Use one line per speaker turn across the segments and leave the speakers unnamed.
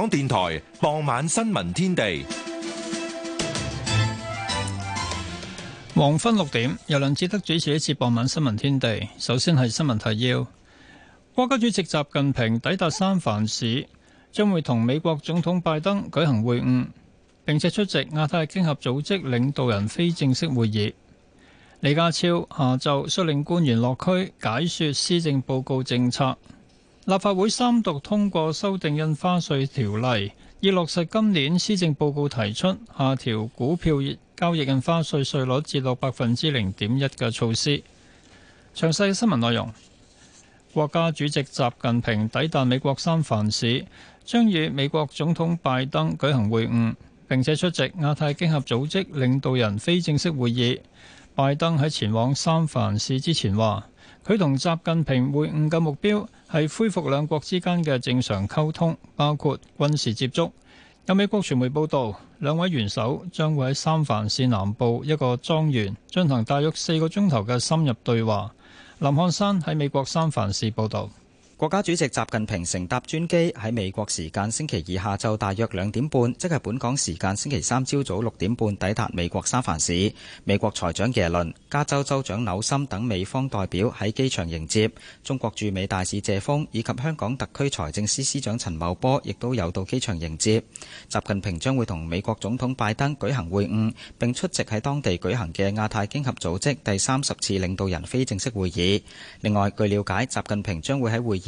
香港電台傍晚新聞天地，黃昏六點，
由梁志德主持一次傍晚新聞天地。首先係新聞提要：國家主席習近平抵達三藩市，將會同美國總統拜登舉行會晤，並且出席亞太經合組織領導人非正式會議。李家超下晝率領官員落區解說施政報告政策。立法會三讀通過修訂印花稅條例，以落實今年施政報告提出下調股票交易印花稅稅率至到百分之零點一嘅措施。詳細新聞內容。國家主席習近平抵達美國三藩市，將與美國總統拜登舉行會晤，並且出席亞太經合組織領導人非正式會議。拜登喺前往三藩市之前話：佢同習近平會晤嘅目標。係恢復兩國之間嘅正常溝通，包括軍事接觸。有美國傳媒報道，兩位元首將會喺三藩市南部一個莊園進行大約四個鐘頭嘅深入對話。林漢山喺美國三藩市報道。國
家主席習近平乘搭專機喺美國時間星期二下晝大約兩點半，即係本港時間星期三朝早六點半抵達美國三藩市。美國財長耶倫、加州州長紐森等美方代表喺機場迎接。中國駐美大使謝鋒以及香港特區財政司司長陳茂波亦都有到機場迎接。習近平將會同美國總統拜登舉行會晤，並出席喺當地舉行嘅亞太經合組織第三十次領導人非正式會議。另外，據了解，習近平將會喺會議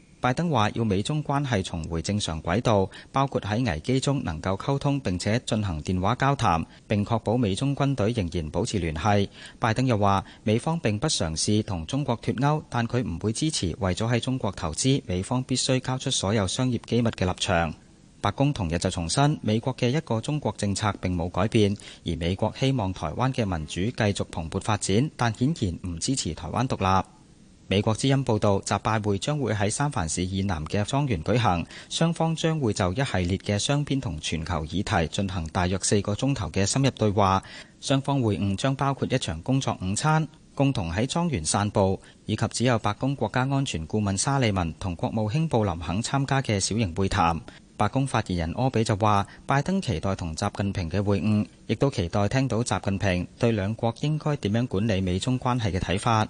拜登話要美中關係重回正常軌道，包括喺危機中能夠溝通並且進行電話交談，並確保美中軍隊仍然保持聯繫。拜登又話，美方並不嘗試同中國脫鉤，但佢唔會支持為咗喺中國投資，美方必須交出所有商業機密嘅立場。白宮同日就重申，美國嘅一個中國政策並冇改變，而美國希望台灣嘅民主繼續蓬勃發展，但顯然唔支持台灣獨立。美國之音報道，習拜會將會喺三藩市以南嘅莊園舉行，雙方將會就一系列嘅雙邊同全球議題進行大約四個鐘頭嘅深入對話。雙方會晤將包括一場工作午餐、共同喺莊園散步，以及只有白宮國家安全顧問沙利文同國務卿布林肯參加嘅小型會談。白宮發言人柯比就話，拜登期待同習近平嘅會晤，亦都期待聽到習近平對兩國應該點樣管理美中關係嘅睇法。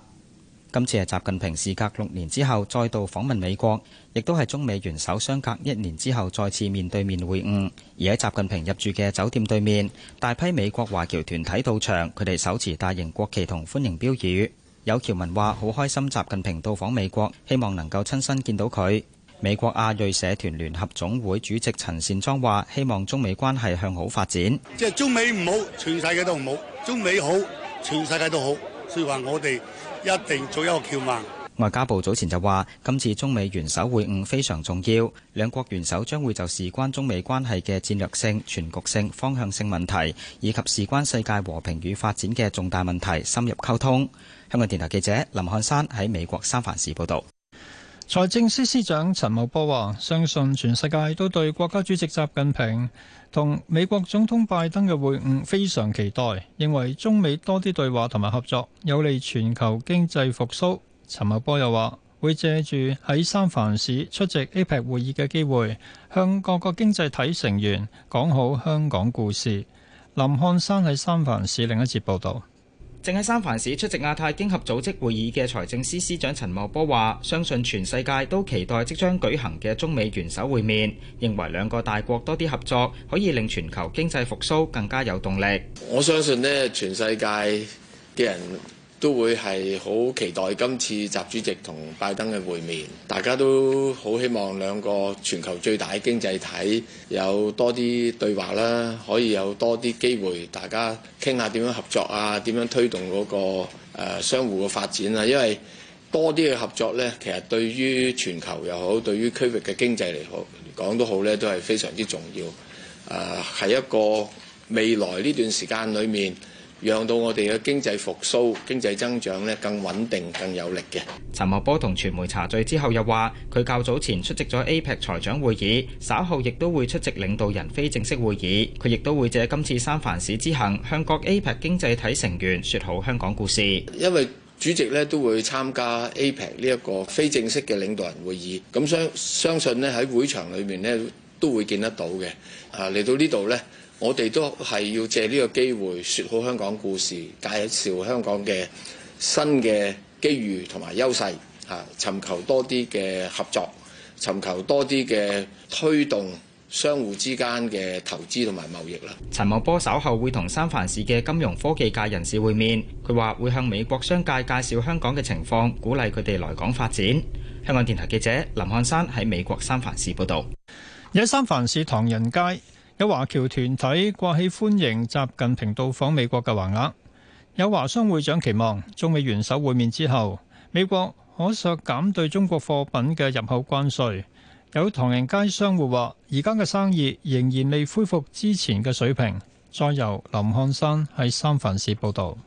今次係習近平事隔六年之後再度訪問美國，亦都係中美元首相隔一年之後再次面對面會晤。而喺習近平入住嘅酒店對面，大批美國華僑團體到場，佢哋手持大型國旗同歡迎標語。有僑民話：好開心習近平到訪美國，希望能夠親身見到佢。美國亞裔社團聯合總會主席陳善莊話：希望中美關係向好發展。
即係
中美唔好，全世界都唔好；中美好，全世界都好。所以話我哋，
一定做一個橋夢。
外交部早前就話，今次中美元首會晤非常重要，兩國元首將會就事關中美關係嘅戰略性、全局性、方向性問題，以及事關世界和平與發展嘅重大問題深入溝通。香港電台
記者林漢山喺美國三藩市報道。財政司司長陳茂波話，相信全世界都對國家主席習近平同美國總統拜登嘅會晤非常期待，認為中美多啲對話同埋合作有利全球經濟復蘇。陳茂波又話，會借住喺三藩市出席 APEC 會議嘅機會，向各個經濟體成員講好香港故事。林漢山喺三藩市另一節報道。
正喺三藩市出席亞太經合組織會議嘅財政司司長陳茂波話，相信全世界都期待即將舉行嘅中美元首會面，認為兩個大國多啲合作，可以令全球經濟復蘇更
加有動力。我相信呢，全世界啲人。都會係好期待今次習主席同拜登嘅會面，大家都好希望兩個全球最大嘅經濟體有多啲對話啦，可以有多啲機會大家傾下點樣合作啊，點樣推動嗰個、誒、相互嘅發展啊。因為多啲嘅合作呢，其實對於全球又好，對於區域嘅經濟嚟講都好呢，都係非常之重要。誒、呃，係一個未來呢段時間裏面。讓到我哋嘅經濟復甦、經濟增長咧更穩定、更有力嘅。
陳茂波同傳媒茶聚之後又話：佢較早前出席咗 APEC 財長會議，稍後亦都會出席領導人非正式會議。佢亦都會借今次三藩市之行，向各 APEC 經濟體成員説好香港故事。
因為主席咧都會參加 APEC 呢一個非正式嘅領導人會議，咁相相信咧喺會場裏面咧都會見得到嘅。啊，嚟到呢度呢，我哋都係要借呢個機會說好香港故事，介紹香港嘅新嘅機遇同埋優勢，嚇尋求多啲嘅合作，尋求多啲嘅推動，相互之間嘅投資同埋貿易啦。
陳茂波稍後會同三藩市嘅金融科技界人士會面，佢話會向美國商界介紹香港嘅情況，鼓勵佢哋來港發展。香港電台記者林漢山喺美國三藩
市報道。有三藩市唐人街。有華僑團體掛起歡迎習近平到訪美國嘅橫額，有華商會長期望中美元首會面之後，美國可削減對中國貨品嘅入口關稅。有唐人街商戶話：而家嘅生意仍然未恢復之前嘅水平。再由林漢山喺三藩市報道。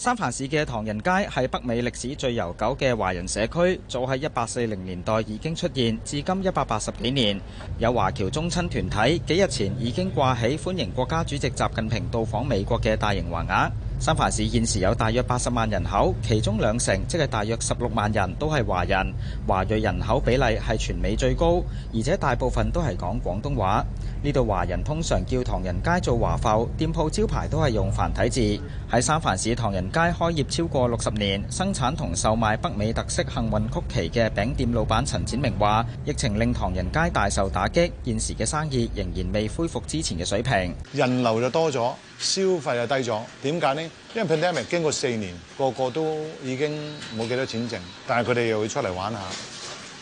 三藩市嘅唐人街係北美歷史最悠久嘅華人社區，早喺一八四零年代已經出現，至今一百八十幾年。有華僑宗親團體幾日前已經掛起歡迎國家主席習近平到訪美國嘅大型橫額。三藩市現時有大約八十萬人口，其中兩成即係大約十六萬人都係華人，華裔人口比例係全美最高，而且大部分都係講廣東話。呢度華人通常叫唐人街做華埠，店鋪招牌都係用繁體字。喺三藩市唐人街開業超過六十年，生產同售賣北美特色幸運曲奇嘅餅店老闆陳展明話，疫情令唐人街大受打擊，現時嘅生意仍然未恢復之前嘅水平。
人流就多咗，消費就低咗。點解呢？因為 pandemic 經過四年，個個都已經冇幾多錢剩，但係佢哋又會出嚟玩下。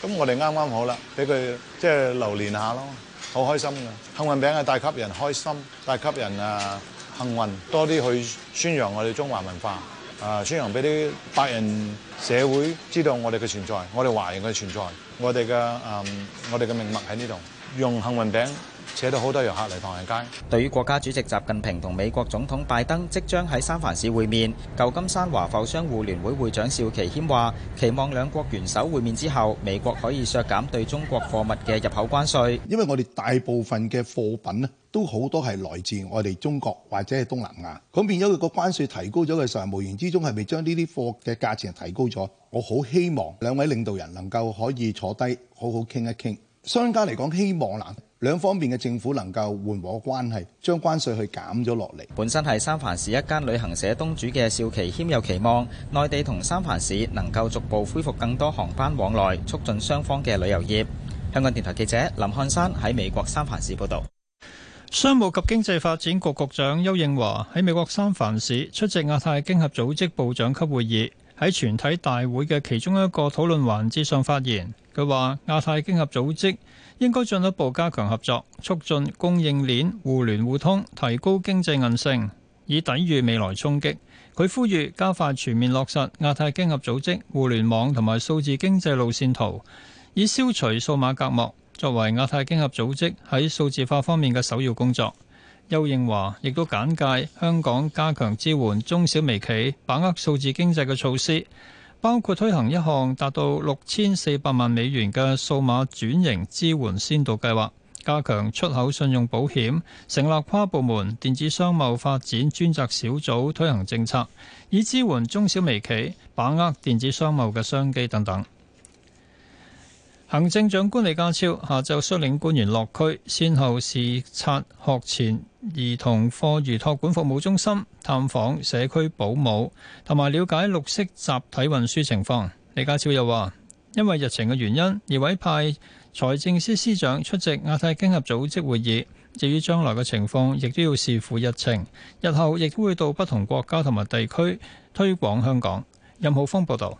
咁我哋啱啱好啦，俾佢即係留念下咯，好開心㗎。幸運餅係帶給人開心，帶給人啊～幸運多啲去宣揚我哋中華文化，誒、呃、宣揚俾啲白人社會知道我哋嘅存在，我哋華人嘅存在，我哋嘅誒我哋嘅命
脈喺呢度，用幸運餅扯到好多遊客嚟唐人街。對於國家主席習近平同美國總統拜登即將喺三藩市會面，舊金山華埠商戶聯會會長邵其謙話：期望兩國元首會面之後，美國可以削減對中國貨物嘅入
口關稅。因為我哋大部分嘅貨品咧，都好多係來自我哋中國或者係東南亞。咁變咗佢個關稅提高咗嘅時候，無形之中係咪將呢啲貨嘅價錢提高咗？我好希望兩位領導人能夠可以坐低好好傾一傾。商家嚟講，希望能兩方面嘅政府能夠緩和關係，將關稅去減咗落嚟。本身
係三藩市一間旅行社東主嘅邵琪謙有期望，內地同三藩市能夠逐步恢復更多航班往來，促進雙方嘅旅遊業。香港電台記者
林漢山喺美國三藩市報道。商務及經濟發展局局長邱應華喺美國三藩市出席亞太經合組織部長級會議，喺全體大會嘅其中一個討論環節上發言。佢話亞太經合組織應該進一步加強合作，促進供應鏈互聯互通，提高經濟韌性，以抵禦未來衝擊。佢呼籲加快全面落實亞太經合組織互聯網同埋數字經濟路線圖，以消除數碼隔膜。作為亞太經合組織喺數字化方面嘅首要工作，邱應華亦都簡介香港加強支援中小微企把握數字經濟嘅措施，包括推行一項達到六千四百萬美元嘅數碼轉型支援先導計劃，加強出口信用保險，成立跨部門電子商務發展專責小組推行政策，以支援中小微企把握電子商務嘅商機等等。行政長官李家超下晝率領官員落區，先後視察學前兒童課餘託管服務中心、探訪社區保姆，同埋了解綠色集體運輸情況。李家超又話：因為疫情嘅原因，而委派財政司司長出席亞太經合組織會議。至於將來嘅情況，亦都要視乎疫情。日後亦都會到不同國家同埋地區推廣香港。任浩峰報導。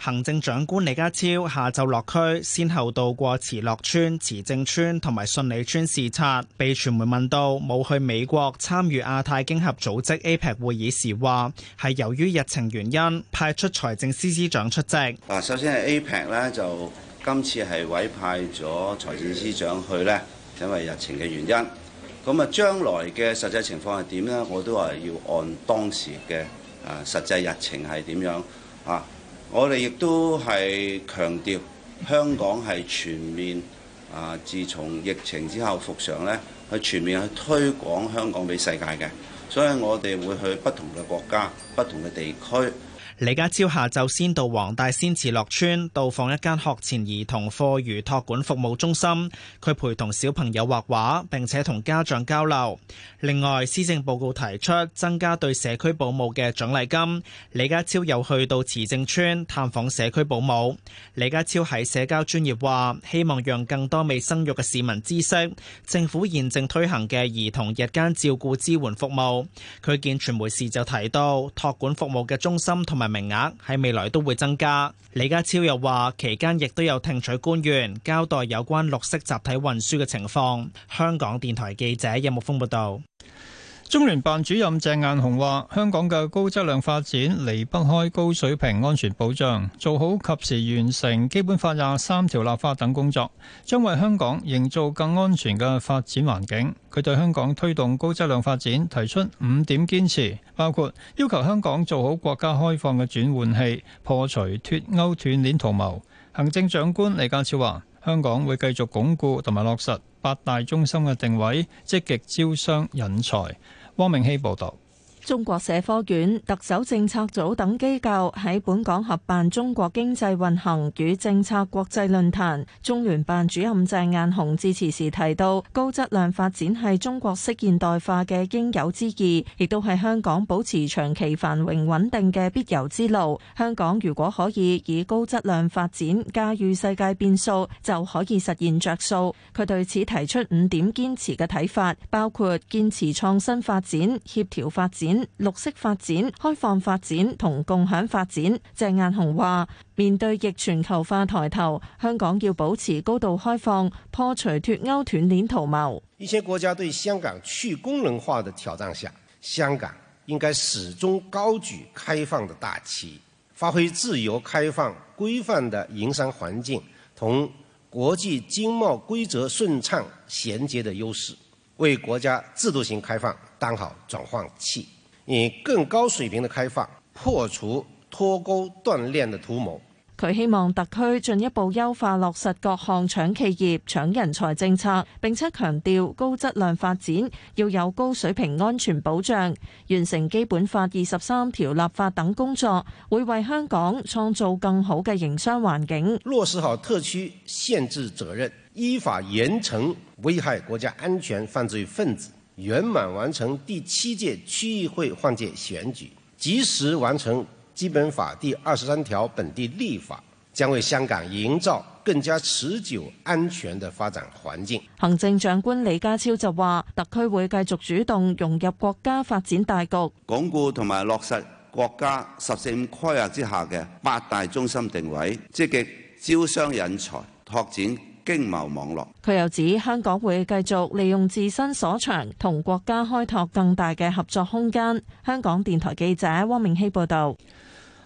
行政長官李家超下晝落區，先後到過慈樂村、慈政村同埋順利村視察。被傳媒問到冇去美國參與亞太經合組織 APEC 會議時，話係由於日程原因，派出財政司司長出席。
嗱，首先係 APEC 咧，就今次係委派咗財政司長去呢，因為日程嘅原因。咁啊，將來嘅實際情況係點呢？我都話要按當時嘅啊實際日程係點樣啊？我哋亦都係強調香港係全面啊，自從疫情之後復常咧，去全面去推廣香港俾世界嘅，所以我哋會去不同嘅國家、不同嘅地區。
李家超下晝先到黃大仙慈樂邨，到訪一間學前兒童課餘托管服務中心，佢陪同小朋友畫畫並且同家長交流。另外，施政報告提出增加對社區保姆嘅獎勵金，李家超又去到慈正邨探訪社區保姆。李家超喺社交專業話希望讓更多未生育嘅市民知悉，政府現正推行嘅兒童日間照顧支援服務，佢見傳媒時就提到托管服務嘅中心同埋。名額喺未來都會增加。李家超又話：期間亦都有聽取官員交代有關綠色集體運輸嘅情況。香港電台記者任木豐報道。中聯辦
主任鄭雁雄話：香港嘅高質量發展離不開高水平安全保障，做好及時完成基本法廿三條立法等工作，將為香港營造更安全嘅發展環境。佢對香港推動高質量發展提出五點堅持，包括要求香港做好國家開放嘅轉換器，破除脫歐斷鏈圖謀。行政長官李家超話：香港會繼續鞏固同埋落實八大中心嘅定位，積極招商引才。汪明熙報道。
中國社科院、特首政策組等機構喺本港合辦《中國經濟運行與政策國際論壇》，中聯辦主任鄭雁雄致辭時提到，高質量發展係中國式現代化嘅應有之義，亦都係香港保持長期繁榮穩定嘅必由之路。香港如果可以以高質量發展駕馭世界變數，就可以實現着數。佢對此提出五點堅持嘅睇法，包括堅持創新發展、協調發展。綠色發展、開放發展同共享發展。鄭雁雄話：面對逆全球化抬頭，香港要保持高度開放，破除脱歐斷鏈圖謀。
一些國家對香港去功能化的挑戰下，香港應該始終高舉開放的大旗，發揮自由、開放、規範的營商環境同國際經貿規則順暢銜接的優勢，為國家制度性開放當好轉換器。以更高水平的開放破除脫勾斷鏈的圖
謀。佢希望特區進一步優化落實各項搶企業搶人才政策，並且強調高質量發展要有高水平安全保障，完成基本法二十三條立法等工作，會為香港創造更好嘅營商環境。落
實好特區限制責任，依法嚴懲危害國家安全犯罪分子。圓滿完成第七屆區議會換屆選舉，及時完成《基本法》第二十三條本地立法，將為香港營造更加持久安全的發展環境。
行政長官李家超就話，特區會繼續主動融入國家發展大局，
鞏固同埋落實國家“十四五”規劃之下嘅八大中心定位，積極招商引才，拓展經貿網絡，
佢又指香港會繼續利用自身所長，同國家開拓更大嘅合作空間。香港電台記者汪明希報道，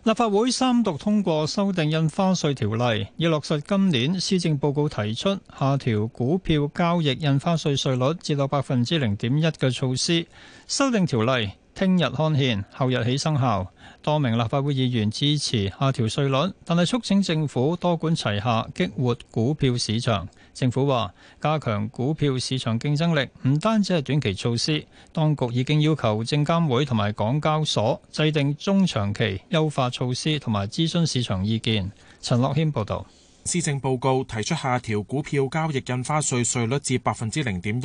立法會三讀通過
修訂印花稅條例，要落實今年施政報告提出下調股票交易印花稅稅率至到百分之零點一嘅措施。修訂條例，聽日刊憲，後日起生效。多名立法會議員支持下調稅率，但係促請政府多管齊下，激活股票市場。政府話加強股票市場競爭力，唔單止係短期措施。當局已經要求證監會同埋港交所制定中長期優化措施，同埋諮詢市場
意見。陳樂軒報導。施政報告提出下調股票交易印花稅稅率至百分之零點一，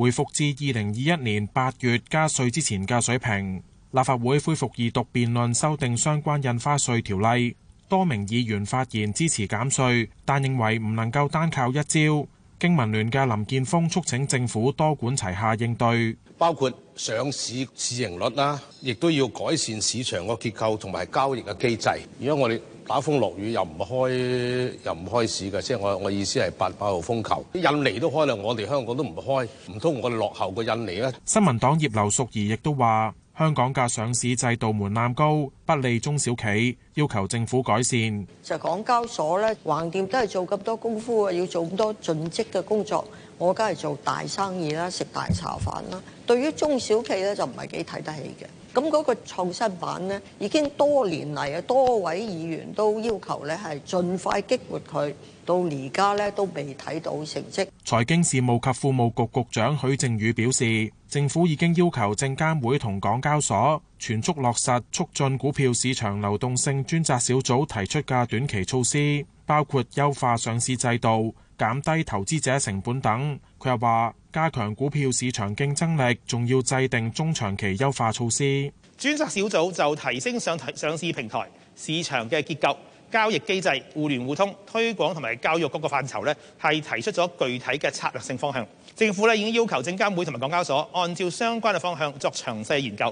回復至二零二一年八月加稅之前嘅水平。立法會恢復二讀辯論修訂相關印花稅條例。多名議員發言支持減稅，但認為唔能夠單靠一招。經民聯嘅林健鋒促請政府多管齊下應對，
包括上市市盈率啦、啊，亦都要改善市場個結構同埋交易嘅機制。如果我哋打風落雨又唔開又唔開市嘅，即係我我意思係八百號風球，印尼
都開啦，我哋香港都唔開，唔通我哋落後個印尼咧？
新民黨葉劉淑儀亦都話：香港嘅上市制度門檻高。不利中小企，要求政府改善。
就港交所咧，橫掂都係做咁多功夫，要做咁多盡職嘅工作。我梗係做大生意啦，食大茶飯啦。對於中小企咧，就唔係幾睇得起嘅。咁嗰個創新板咧，已經多年嚟，多位議員都要求咧係盡快激活佢，到而家咧都未睇到成績。
財經事務及庫務局局長許正宇表示，政府已經要求證監會同港交所。全速落實促進股票市場流動性專責小組提出嘅短期措施，包括優化上市制度、減低投資者成本等。佢又話加強股票市場競爭力，仲要制定中長期優化措施。
專責小組就提升上提上市平台市場嘅結構交易機制、互聯互通、推廣同埋教育各個範疇咧，係提出咗具體嘅策略性方向。政府咧已經要求證監會同埋港交所按照相關嘅方向作詳細研究，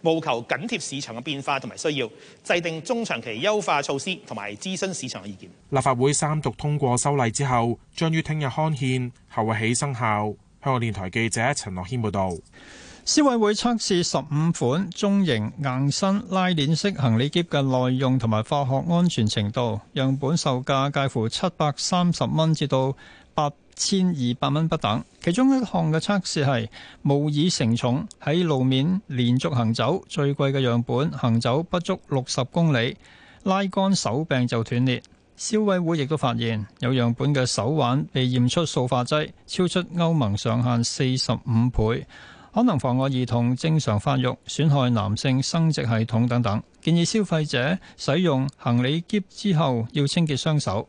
務求緊貼市場嘅變化同埋需要，制定中長期優化措施同埋諮詢市場嘅意見。
立法會三讀通過修例之後，將於聽日刊憲，後日起生效。香港電台記者陳樂軒報導。消委會測試十五
款中型硬身拉鍊式行李篋嘅耐用同埋化學安全程度，樣本售價介乎七百三十蚊至到八千二百蚊不等，其中一項嘅測試係模擬承重喺路面連續行走，最貴嘅樣本行走不足六十公里，拉杆手柄就斷裂。消委會亦都發現有樣本嘅手腕被驗出塑化劑超出歐盟上限四十五倍，可能妨礙兒童正常發育、損害男性生殖系統等等。建議消費者使用行李篋之後要清潔雙手。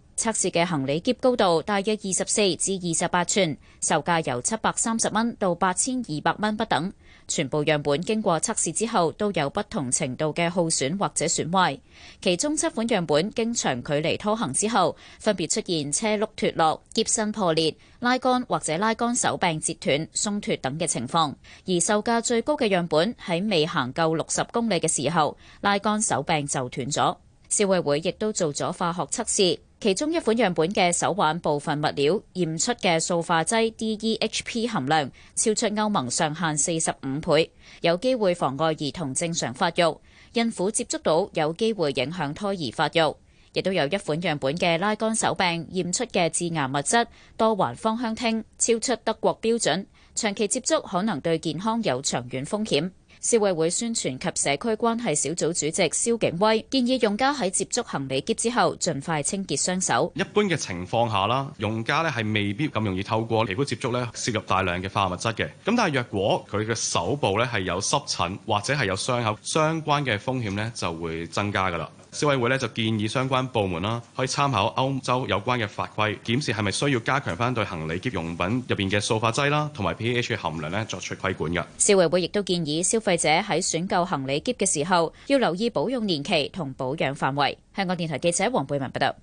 測試嘅行李篋高度大約二十四至二十八吋，售價由七百三十蚊到八千二百蚊不等。全部樣本經過測試之後都有不同程度嘅耗損或者損壞。其中七款樣本經長距離拖行之後，分別出現車轆脫落、篋身破裂、拉桿或者拉桿手柄折斷、鬆脫等嘅情況。而售價最高嘅樣本喺未行夠六十公里嘅時候，拉桿手柄就斷咗。消委會亦都做咗化學測試。其中一款樣本嘅手腕部分物料驗出嘅塑化劑 DEHP 含量超出歐盟上限四十五倍，有機會妨礙兒童正常發育；孕婦接觸到有機會影響胎兒發育。亦都有一款樣本嘅拉杆手柄驗出嘅致癌物質多環芳香烴超出德國標準，長期接觸可能對健康有長遠風險。消委會宣傳及社區關係小組主席蕭景威建議用家喺接觸行李篋之後，盡快清潔雙手。
一般嘅情況下啦，用家咧係未必咁容易透過皮膚接觸咧攝入大量嘅化學物質嘅。咁但係若果佢嘅手部咧係有濕疹或者係有傷口，相關嘅風險咧就會增加噶啦。消委會呢就建議相關部門啦，可以參考歐洲有關嘅法規，檢視係咪需要加強翻對行李喼用品入邊嘅塑化劑啦，同埋 pH 含量呢作出規管嘅。
消委會亦都建議消費者喺選購行李喼嘅時候，要留意保用年期同保養範圍。香港電台記者黃貝文報道。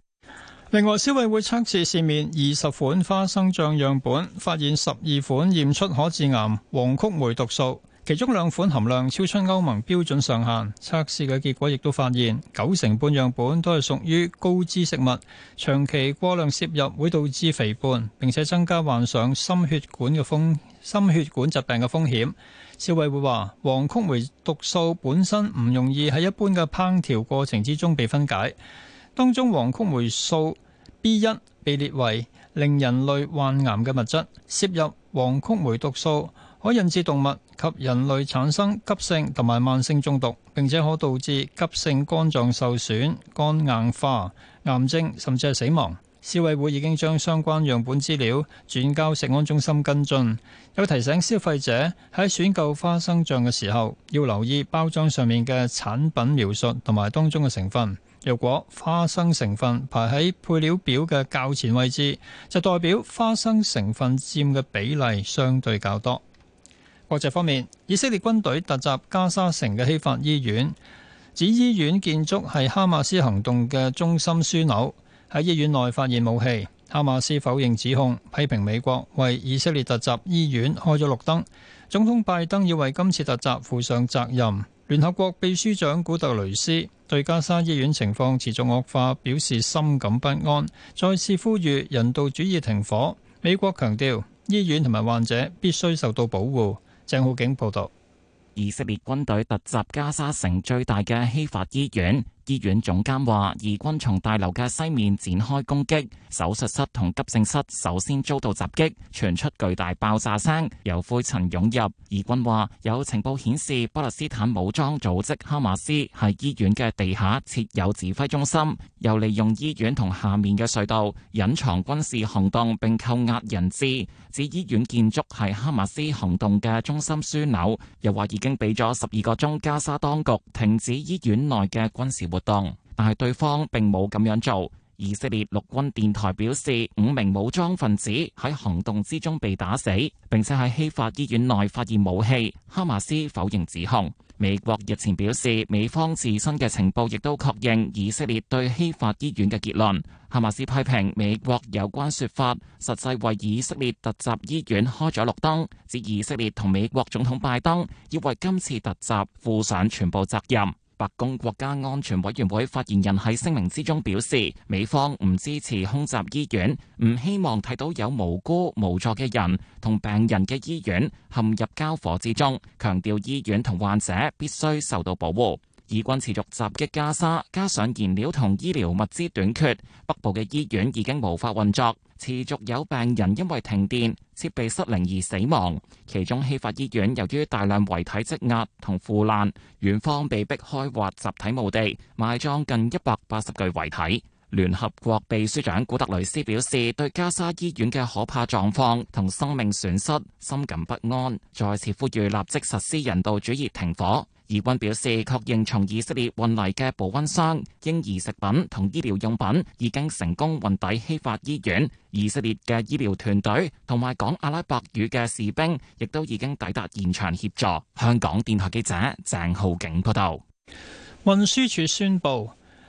另外，消委會測試市面二十款花生醬樣本，發現十二款驗出可致癌黃曲霉毒素。其中兩款含量超出歐盟標準上限，測試嘅結果亦都發現，九成半樣本都係屬於高脂食物，長期過量攝入會導致肥胖，並且增加患上心血管嘅風心血管疾病嘅風險。消委會話，黃曲霉毒素本身唔容易喺一般嘅烹調過程之中被分解，當中黃曲霉素 B1 被列為令人類患癌嘅物質，攝入黃曲霉毒素。可引致動物及人類產生急性同埋慢性中毒，並且可導致急性肝臟受損、肝硬化、癌症，甚至係死亡。消委會已經將相關樣本資料轉交食安中心跟進，有提醒消費者喺選購花生醬嘅時候，要留意包裝上面嘅產品描述同埋當中嘅成分。若果花生成分排喺配料表嘅較前位置，就代表花生成分佔嘅比例相對較多。國際方面，以色列軍隊突襲加沙城嘅希法醫院，指醫院建築係哈馬斯行動嘅中心樞紐。喺醫院內發現武器，哈馬斯否認指控，批評美國為以色列突襲醫院開咗綠燈。總統拜登要為今次突襲負上責任。聯合國秘書長古特雷斯對加沙醫院情況持續惡化表示深感不安，再次呼籲人道主義停火。美國強調
醫院同埋患者必須受到保護。鄭浩景報道：以色列軍隊突襲加沙城最大嘅希法醫院。醫院總監話，義軍從大樓嘅西面展開攻擊，手術室同急症室首先遭到襲擊，傳出巨大爆炸聲，由灰塵湧入。義軍話，有情報顯示，巴勒斯坦武裝組織哈馬斯喺醫院嘅地下設有指揮中心，又利用醫院同下面嘅隧道隱藏軍事行動，並扣押人質。指醫院建築係哈馬斯行動嘅中心樞紐，又話已經俾咗十二個鐘加沙當局停止醫院內嘅軍事活動。活動，但係對方並冇咁樣做。以色列陸軍電台表示，五名武裝分子喺行動之中被打死，並且喺希法醫院內發現武器。哈馬斯否認指控。美國日前表示，美方自身嘅情報亦都確認以色列對希法醫院嘅結論。哈馬斯批評美國有關說法，實際為以色列突襲醫院開咗綠燈，指以色列同美國總統拜登要為今次突襲負上全部責任。白宮國家安全委員會發言人喺聲明之中表示，美方唔支持空襲醫院，唔希望睇到有無辜無助嘅人同病人嘅醫院陷入交火之中，強調醫院同患者必須受到保護。以軍持續襲擊加沙，加上燃料同醫療物資短缺，北部嘅醫院已經無法運作。持續有病人因為停電設備失靈而死亡，其中氣發醫院由於大量遺體積壓同腐爛，院方被迫開挖集體墓地埋葬近一百八十具遺體。聯合國秘書長古特雷斯表示，對加沙醫院嘅可怕狀況同生命損失深感不安，再次呼籲立即實施人道主義停火。以軍表示確認，從以色列運嚟嘅保温箱、嬰兒食品同醫療用品已經成功運抵希法醫院。以色列嘅醫療團隊同埋講阿拉伯語嘅士兵亦都已經抵達現場協助。香港電台記者鄭浩景報道。運輸處宣布。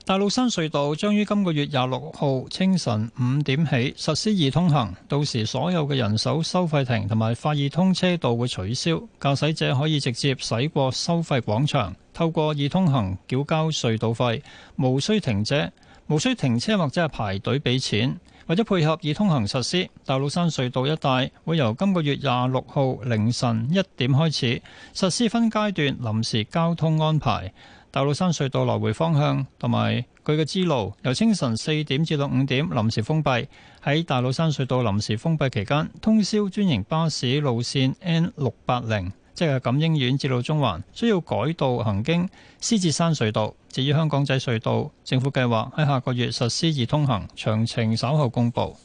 大老山隧道將於今
個月廿六號清晨五點起實施易通行，到時所有嘅人手收費亭同埋快易通車道會取消，駕駛者可以直接駛過收費廣場，透過易通行繳交隧道費，無需停車，無需停車或者係排隊俾錢，為咗配合易通行實施，大老山隧道一帶會由今個月廿六號凌晨一點開始實施分階段臨時交通安排。大老山隧道來回方向同埋佢嘅支路，由清晨四點至到五點臨時封閉。喺大老山隧道臨時封閉期間，通宵專營巴士路線 N680，即係錦英苑至到中環，需要改道行經獅子山隧道。至於香港仔隧道，政府計劃喺下個月實施易通行，詳情稍後公布。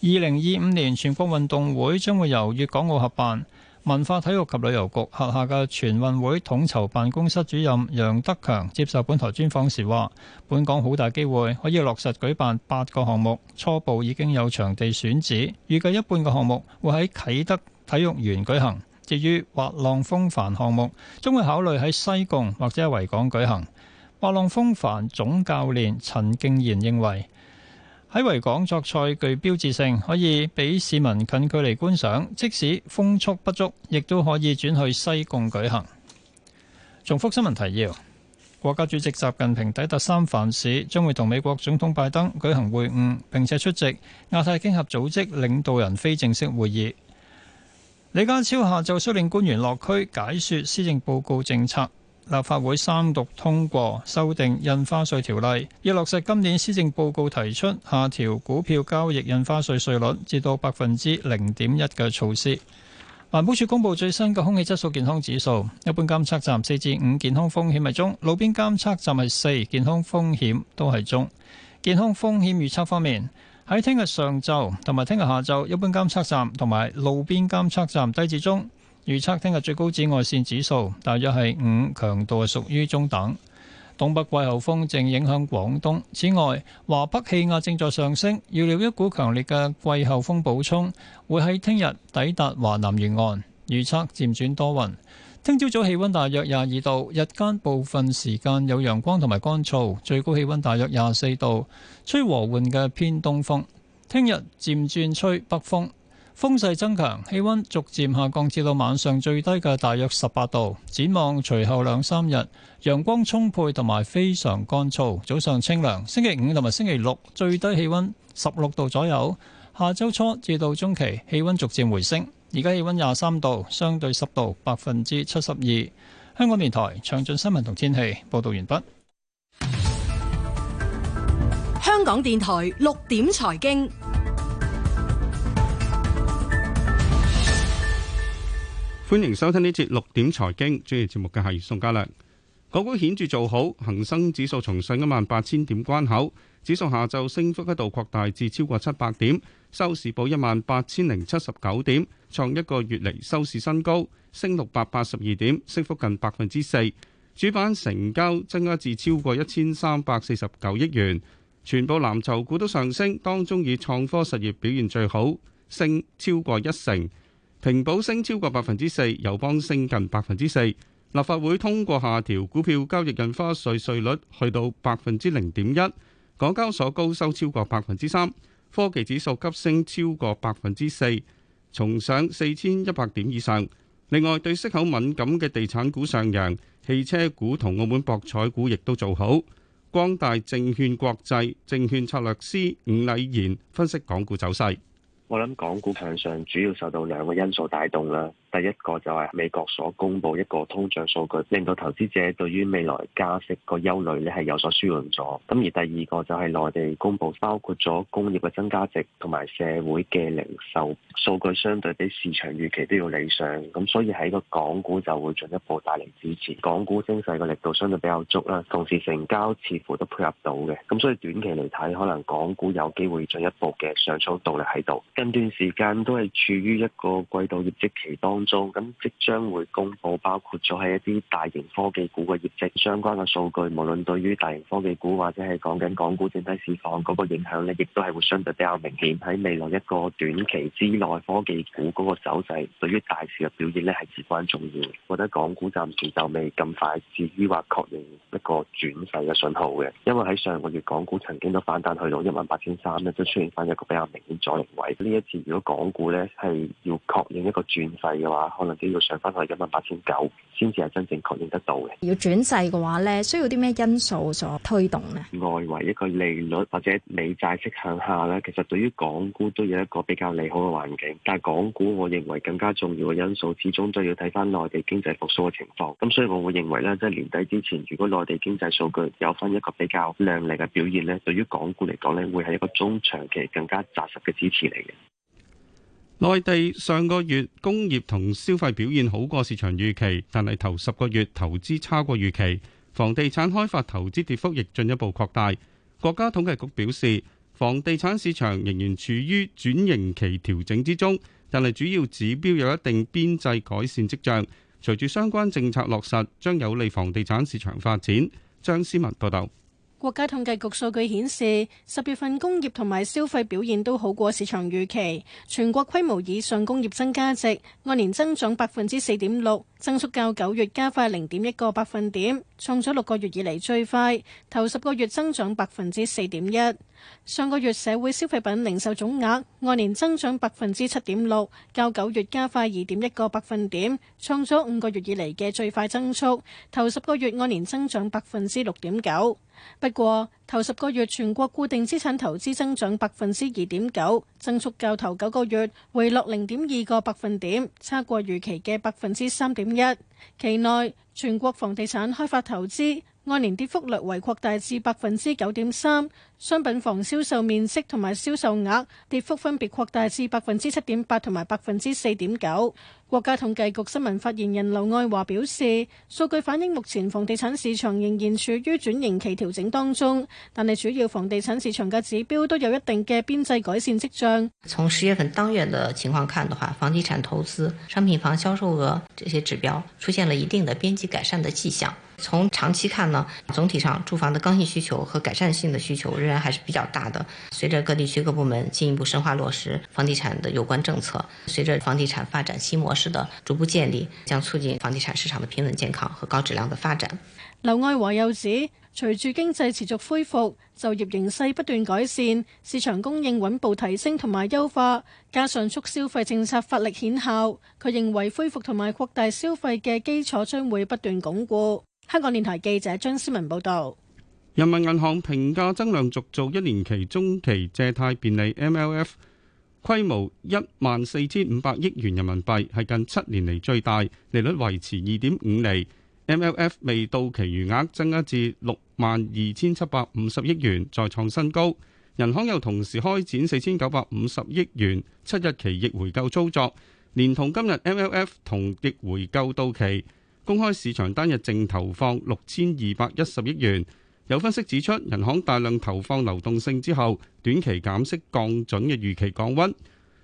二零二五年全國運動會將會由粵港澳合辦。文化體育及旅遊局轄下嘅全運會統籌辦公室主任楊德強接受本台專訪時話，本港好大機會可以落實舉辦八個項目，初步已經有場地選址，預計一半嘅項目會喺啟德體育園舉行。至於滑浪風帆項目，將會考慮喺西貢或者喺維港舉行。滑浪風帆總教練陳敬賢認為。喺維港作賽具標誌性，可以俾市民近距離觀賞。即使風速不足，亦都可以轉去西貢舉行。重複新聞提要：國家主席習近平抵達三藩市，將會同美國總統拜登舉行會晤，並且出席亞太經合組織領導人非正式會議。李家超下晝率領官員落區解說施政報告政策。立法會三讀通過修訂印花稅條例，要落實今年施政報告提出下調股票交易印花稅稅率至到百分之零點一嘅措施。環保署公布最新嘅空氣質素健康指數，一般監測站四至五健康風險係中，路邊監測站係四健康風險都係中。健康風險預測方面，喺聽日上晝同埋聽日下晝，一般監測站同埋路邊監測站低至中。預測聽日最高紫外線指數大約係五，強度係屬於中等。東北季候風正影響廣東。此外，華北氣壓正在上升，預料一股強烈嘅季候風補充，會喺聽日抵達華南沿岸。預測漸轉多雲。聽朝早氣温大約廿二度，日間部分時間有陽光同埋乾燥，最高氣温大約廿四度，吹和緩嘅偏東風。聽日漸轉吹北風。風勢增強，氣溫逐漸下降，至到晚上最低嘅大約十八度。展望隨後兩三日，陽光充沛同埋非常乾燥，早上清涼。星期五同埋星期六最低氣溫十六度左右。下周初至到中期氣溫逐漸回升。而家氣溫廿三度，相對濕度百分之七十二。香港電台詳盡新聞同天氣報道完畢。
香港電台六點財經。
歡迎收聽呢節六點財經，主持節目嘅係宋家良。港股顯著做好，恒生指數重上一萬八千點關口，指數下晝升幅一度擴大至超過七百點，收市報一萬八千零七十九點，創一個月嚟收市新高，升六百八十二點，升幅近百分之四，主板成交增加至超過一千三百四十九億元，全部藍籌股都上升，當中以創科實業表現最好，升超過一成。平保升超過百分之四，友邦升近百分之四。立法會通過下調股票交易印花稅稅率，去到百分之零點一。港交所高收超過百分之三，科技指數急升超過百分之四，重上四千一百點以上。另外，對息口敏感嘅地產股上揚，汽車股同澳門博彩股亦都做好。光大證券國際證券策略師吳禮賢分析港股走勢。
我諗港股向上主要受到兩個因素帶動啦。第一個就係美國所公布一個通脹數據，令到投資者對於未來加息個憂慮咧係有所舒緩咗。咁而第二個就係內地公布包括咗工業嘅增加值同埋社會嘅零售數據，相對比市場預期都要理想。咁所以喺個港股就會進一步帶嚟支持，港股升勢嘅力度相對比較足啦。同時成交似乎都配合到嘅，咁所以短期嚟睇，可能港股有機會進一步嘅上沖動力喺度。近段時間都係處於一個季度業績期多。咁即將會公佈，包括咗係一啲大型科技股嘅業績相關嘅數據，無論對於大型科技股或者係講緊港股整體市況嗰個影響咧，亦都係會相對比較明顯。喺未來一個短期之內，科技股嗰個走勢對於大市嘅表現咧係至關重要。我覺得港股暫時就未咁快，至於話確認一個轉勢嘅信號嘅，因為喺上個月港股曾經都反彈去到一萬八千三咧，都出現翻一個比較明顯阻力位。呢一次如果港股咧係要確認一個轉勢話可能都要上翻去一萬八千九，先至係真正確認得到
嘅。要轉勢嘅話咧，需要啲咩因素所推動咧？
外圍一個利率，或者美債息向下咧，其實對於港股都有一個比較利好嘅環境。但係港股我認為更加重要嘅因素，始終都要睇翻內地經濟復甦嘅情況。咁所以我會認為咧，即係年底之前，如果內地經濟數據有翻一個比較靚麗嘅表現咧，對於港股嚟講咧，會係一個中長期更加紮實嘅支持嚟嘅。
內地上個月工業同消費表現好過市場預期，但係頭十個月投資差過預期，房地產開發投資跌幅亦進一步擴大。國家統計局表示，房地產市場仍然處於轉型期調整之中，但係主要指標有一定邊際改善跡象。隨住相關政策落實，將有利房地產市場發展。張思文報道。
國家統計局數據顯示，十月份工業同埋消費表現都好過市場預期。全國規模以上工業增加值按年增長百分之四點六，增速較九月加快零點一個百分點，創咗六個月以嚟最快。頭十個月增長百分之四點一。上個月社會消費品零售總額按年增長百分之七點六，較九月加快二點一個百分點，創咗五個月以嚟嘅最快增速。頭十個月按年增長百分之六點九，不過頭十個月全國固定資產投資增長百分之二點九，增速較頭九個月回落零點二個百分點，差過預期嘅百分之三點一。期內全國房地產開發投資，按年跌幅略為擴大至百分之九點三，商品房銷售面積同埋銷售額跌幅分別擴大至百分之七點八同埋百分之四點九。國家統計局新聞發言人劉愛華表示，數據反映目前房地產市場仍然處於轉型期調整當中，但係主要房地產市場嘅指標都有一定嘅邊際改善跡象。
從十月份當月嘅情況看的話，房地產投資、商品房銷售額這些指標出現了一定的邊際改善的跡象。從長期看呢，總體上住房的剛性需求和改善性的需求仍然還是比較大嘅。隨著各地區各部門進一步深化落實房地產的有關政策，隨著房地產發展新模式。是的，逐步建立將促進房地產市場的平穩、健康和高質量的
發展。劉愛華又指，隨住經濟持續恢復，就業形勢不斷改善，市場供應穩步提升同埋優化，加上促消費政策發力顯效，佢認為恢復同埋擴大消費嘅基礎將會不斷鞏固。香港電台記者張思文報道。
人民銀行評價增量續做一年期中期借貸便利 MLF。規模一萬四千五百億元人民幣，係近七年嚟最大，利率維持二點五厘。MLF 未到期餘額增加至六萬二千七百五十億元，再創新高。人行又同時開展四千九百五十億元七日期逆回購操作，連同今日 MLF 同逆回購到期，公開市場單日淨投放六千二百一十億元。有分析指出，人行大量投放流動性之後，短期減息降準嘅預期降溫。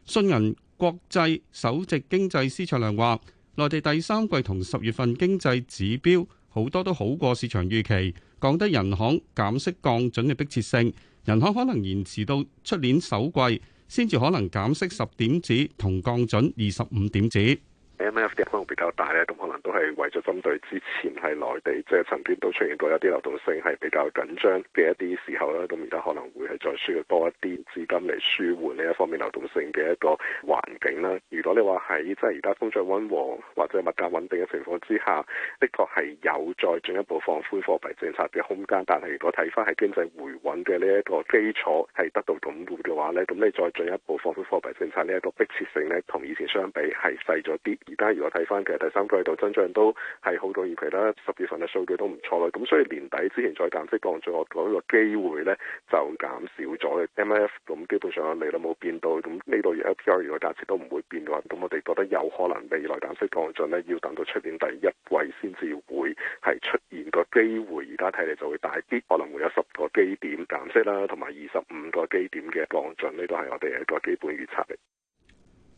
信銀國際首席經濟師卓亮話，內地第三季同十月份經濟指標好多都好過市場預期，降低人行減息降準嘅迫切性。人行可能延遲到出年首季先至可能減息十點子同降準二十五點子。
M F D 可能比較大咧，咁可能都係為咗針對之前喺內地即係曾經都出現過一啲流動性係比較緊張嘅一啲時候啦。咁而家可能會係再需要多一啲資金嚟舒緩呢一方面流動性嘅一個環境啦。如果你話喺即係而家通脹溫和或者物價穩定嘅情況之下，的確係有再進一步放寬貨幣政策嘅空間。但係如果睇翻喺經濟回穩嘅呢一個基礎係得到鞏固嘅話咧，咁你再進一步放寬貨幣政策呢一個迫切性咧，同以前相比係細咗啲。而家如果睇翻嘅第三季度增長都係好到預期啦，十月份嘅數據都唔錯啦，咁所以年底之前再減息降準嗰個機會咧就減少咗。M L F 咁基本上利率冇變到，咁呢度 L P R 如果價錢都唔會變嘅話，咁我哋覺得有可能未來減息降準咧，要等到出年第一季先至會係出現個機會。而家睇嚟就會大啲，可能會有十個基點減息啦，同埋二十五個基點嘅降準，呢個係我哋一個基本預測嘅。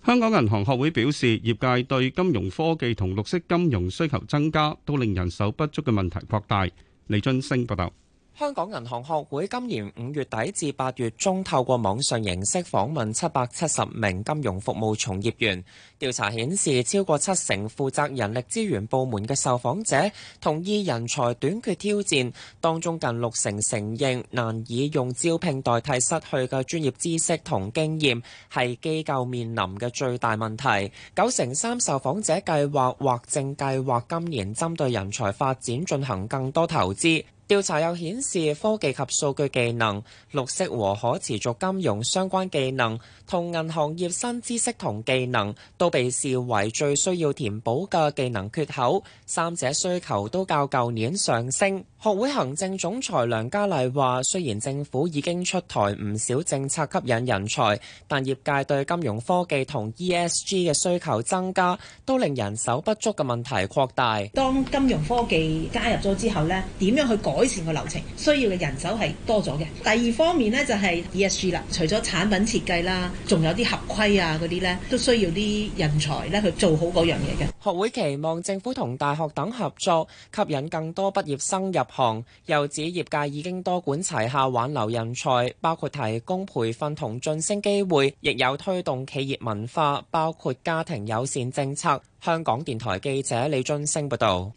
香港銀行學會表示，業界對金融科技同綠色金融需求增加，都令人手不足嘅問題擴大。李俊升報道。
香港銀行學會今年五月底至八月中，透過網上形式訪問七百七十名金融服務從業員。調查顯示，超過七成負責人力資源部門嘅受訪者同意人才短缺挑戰，當中近六成承認難以用招聘代替失去嘅專業知識同經驗係機構面臨嘅最大問題。九成三受訪者計劃或正計劃今年針對人才發展進行更多投資。調查又顯示，科技及數據技能、綠色和可持續金融相關技能同銀行業新知識同技能都被視為最需要填補嘅技能缺口，三者需求都較舊年上升。學會行政總裁梁嘉麗話，雖然政府已經出台唔少政策吸引人才，但業界對金融科技同 ESG 嘅需求增加，都令人手不足嘅問題擴大。
當金融科技加入咗之後呢，點樣去改善個流程，需要嘅人手係多咗嘅。第二方面呢，就係，就係 ESG 啦，除咗產品設計啦，仲有啲合規啊嗰啲咧，都需要啲人才咧去做好嗰樣嘢嘅。
學會期望政府同大學等合作，吸引更多畢業生入行又指業界已經多管齊下挽留人才，包括提供培訓同晉升機會，亦有推動企業文化，包括家庭友善政策。香港電台記者李津升報導。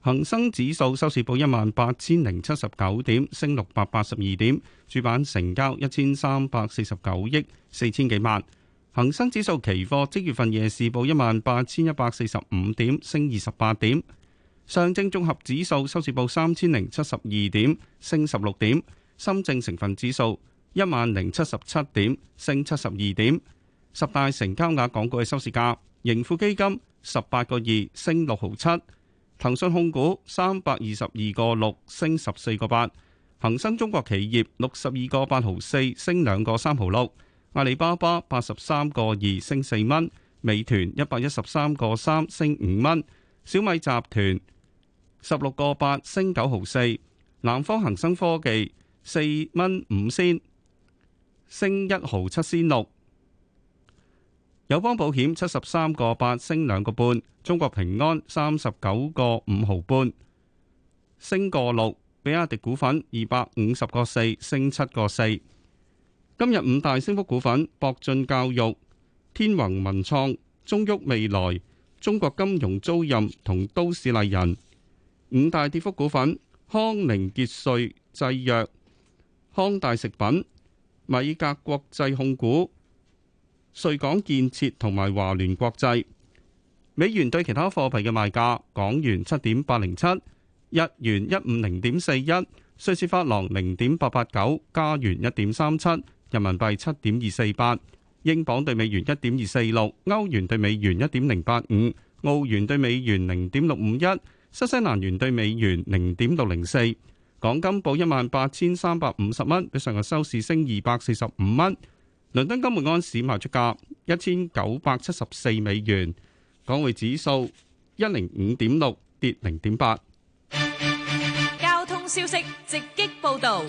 恒生指數收市報一萬八千零七十九點，升六百八十二點，主板成交一千三百四十九億四千幾萬。恒生指數期貨即月份夜市報一萬八千一百四十五點，升二十八點。上證綜合指數收市報三千零七十二點，升十六點；深證成分指數一萬零七十七點，升七十二點。十大成交額港股嘅收市價：盈富基金十八個二，升六毫七；騰訊控股三百二十二個六，升十四個八；恒生中國企業六十二個八毫四，升兩個三毫六；阿里巴巴八十三個二，升四蚊；美團一百一十三個三，升五蚊；小米集團。十六個八升九毫四，南方恒生科技四蚊五仙升一毫七仙六，友邦保險七十三個八升兩個半，中國平安三十九個五毫半升個六，比亞迪股份二百五十個四升七個四。今日五大升幅股份：博進教育、天宏文創、中旭未來、中國金融租賃同都市麗人。五大跌幅股份：康寧杰瑞製藥、康大食品、米格國際控股、瑞港建設同埋華聯國際。美元對其他貨幣嘅賣價：港元七點八零七，日元一五零點四一，瑞士法郎零點八八九，加元一點三七，人民幣七點二四八，英鎊對美元一點二四六，歐元對美元一點零八五，澳元對美元零點六五一。新西蘭元對美元零點六零四，港金報一萬八千三百五十蚊，比上日收市升二百四十五蚊。倫敦金每盎司賣出價一千九百七十四美元，港匯指數一零五點六跌零點八。
交通消息直擊報道。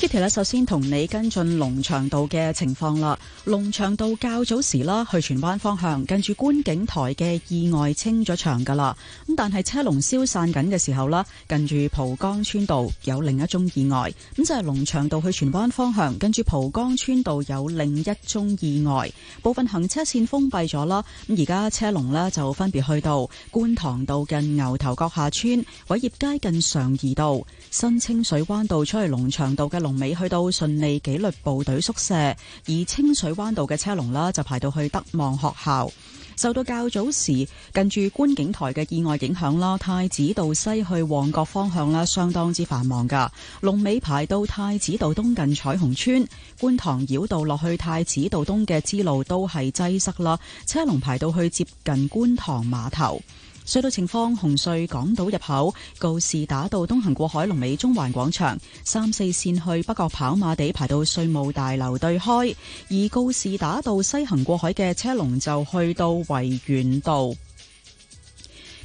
Kitty 咧，首先同你跟進龍翔道嘅情況啦。龍翔道較早時啦，去荃灣方向，近住觀景台嘅意外清咗場噶啦。咁但係車龍消散緊嘅時候啦，近住蒲崗村道有另一宗意外。咁就係龍翔道去荃灣方向，跟住蒲崗村道有另一宗意外，部分行車線封閉咗啦。咁而家車龍呢，就分別去到觀塘道近牛頭角下村、偉業街近常悅道、新清水灣道出去龍翔道嘅龍尾去到順利紀律部隊宿舍，而清水灣道嘅車龍啦就排到去德望學校。受到較早時近住觀景台嘅意外影響啦，太子道西去旺角方向啦，相當之繁忙㗎。龍尾排到太子道東近彩虹村，觀塘繞道落去太子道東嘅支路都係擠塞啦，車龍排到去接近觀塘碼頭。隧道情況：紅隧港島入口，告士打道東行過海龍尾中環廣場，三四線去北角跑馬地排到稅務大樓對開；而告士打道西行過海嘅車龍就去到維園道。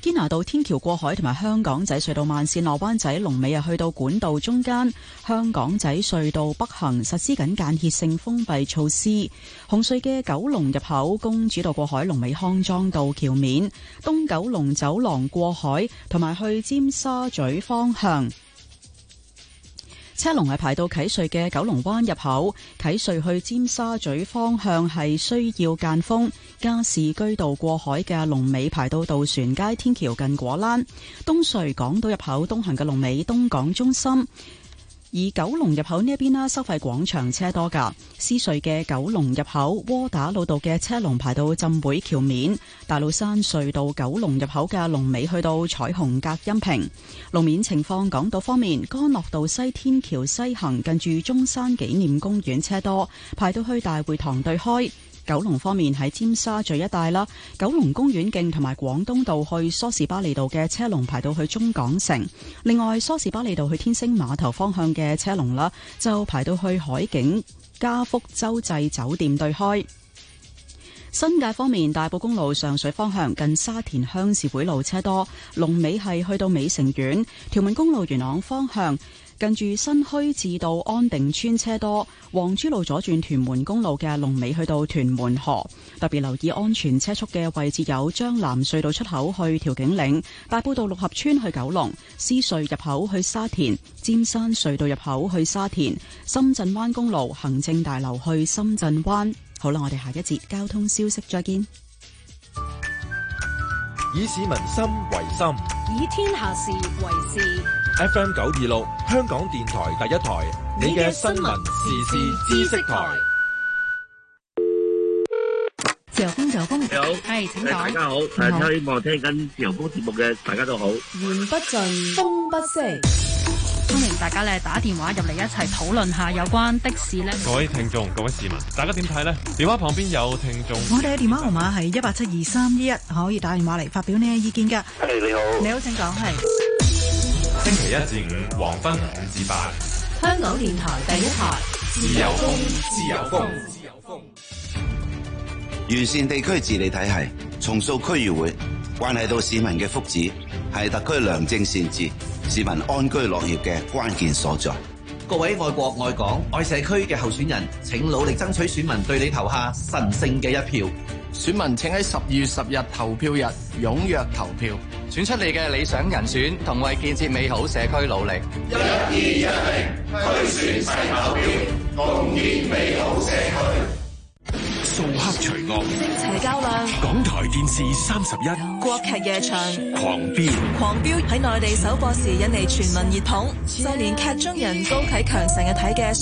堅拿道天橋過海同埋香港仔隧道慢線落灣仔龍尾啊，去到管道中間；香港仔隧道北行實施緊間歇性封閉措施。紅隧嘅九龍入口公主道過海龍尾康莊道橋面，東九龍走廊過海同埋去尖沙咀方向。車龍係排到啟隧嘅九龍灣入口，啟隧去尖沙咀方向係需要間封。加士居道過海嘅龍尾排到渡船街天橋近果欄。東隧港島入口東行嘅龍尾東港中心。而九龍入口呢一邊啦，收費廣場車多噶。獅隧嘅九龍入口窩打老道嘅車龍排到浸會橋面。大老山隧道九龍入口嘅龍尾去到彩虹隔音屏。路面情況，港島方面，干諾道西天橋西行，近住中山紀念公園車多，排到去大會堂對開。九龍方面，喺尖沙咀一帶啦，九龍公園徑同埋廣東道去梳士巴利道嘅車龍排到去中港城。另外，梳士巴利道去天星碼頭方向嘅車龍啦，就排到去海景嘉福洲際酒店對開。新界方面，大埔公路上水方向近沙田鄉事會路車多，龍尾係去到美城苑。屯門公路元朗方向。近住新墟至到安定村車多，皇珠路左轉屯門公路嘅龍尾去到屯門河，特別留意安全車速嘅位置有將南隧道出口去調景嶺、大埔道六合村去九龍、獅隧入口去沙田、尖山隧道入口去沙田、深圳灣公路行政大樓去深圳灣。好啦，我哋下一節交通消息再見。
以市民心為心，以
天下事為事。
FM 九二六，香港電台第一台，你嘅新聞時事知識台。
自由風，自由風。你好，係大家
好，係聽希望聽緊自由風節目嘅，大家都好。
言不盡，風不息。歡迎大家咧打電話入嚟一齊討論下有關的士咧。各位聽
眾，各位市民，大家點睇咧？電話旁邊有聽眾。我
哋嘅電話號碼係一八七二三一一，可以打電話嚟發表你嘅意見噶。係你好。你好，請講係。
星期一至五，黃昏五至八。
香港電台第一台，自
由風，自由風，
自由風，
自由風。完善地區治理體系，重塑區議會，關係到市民嘅福祉，係特區良政善治、市民安居樂業嘅關鍵所在。各位愛國、愛
港、愛社區嘅候選人，請努力爭取選民對你投下神聖嘅一票。選民請喺十二月十日投票日踊躍投票，選出你嘅理想人
選，同為建設美好社區努力。一
的、二、一、零，推選細目標，共建美好社區。掃黑除惡，正
邪較量。
港台電視三十一，
國劇夜場
狂飆
飆。狂飆
喺內地首播時引嚟全民熱捧，就連劇中人高啟強成日睇嘅。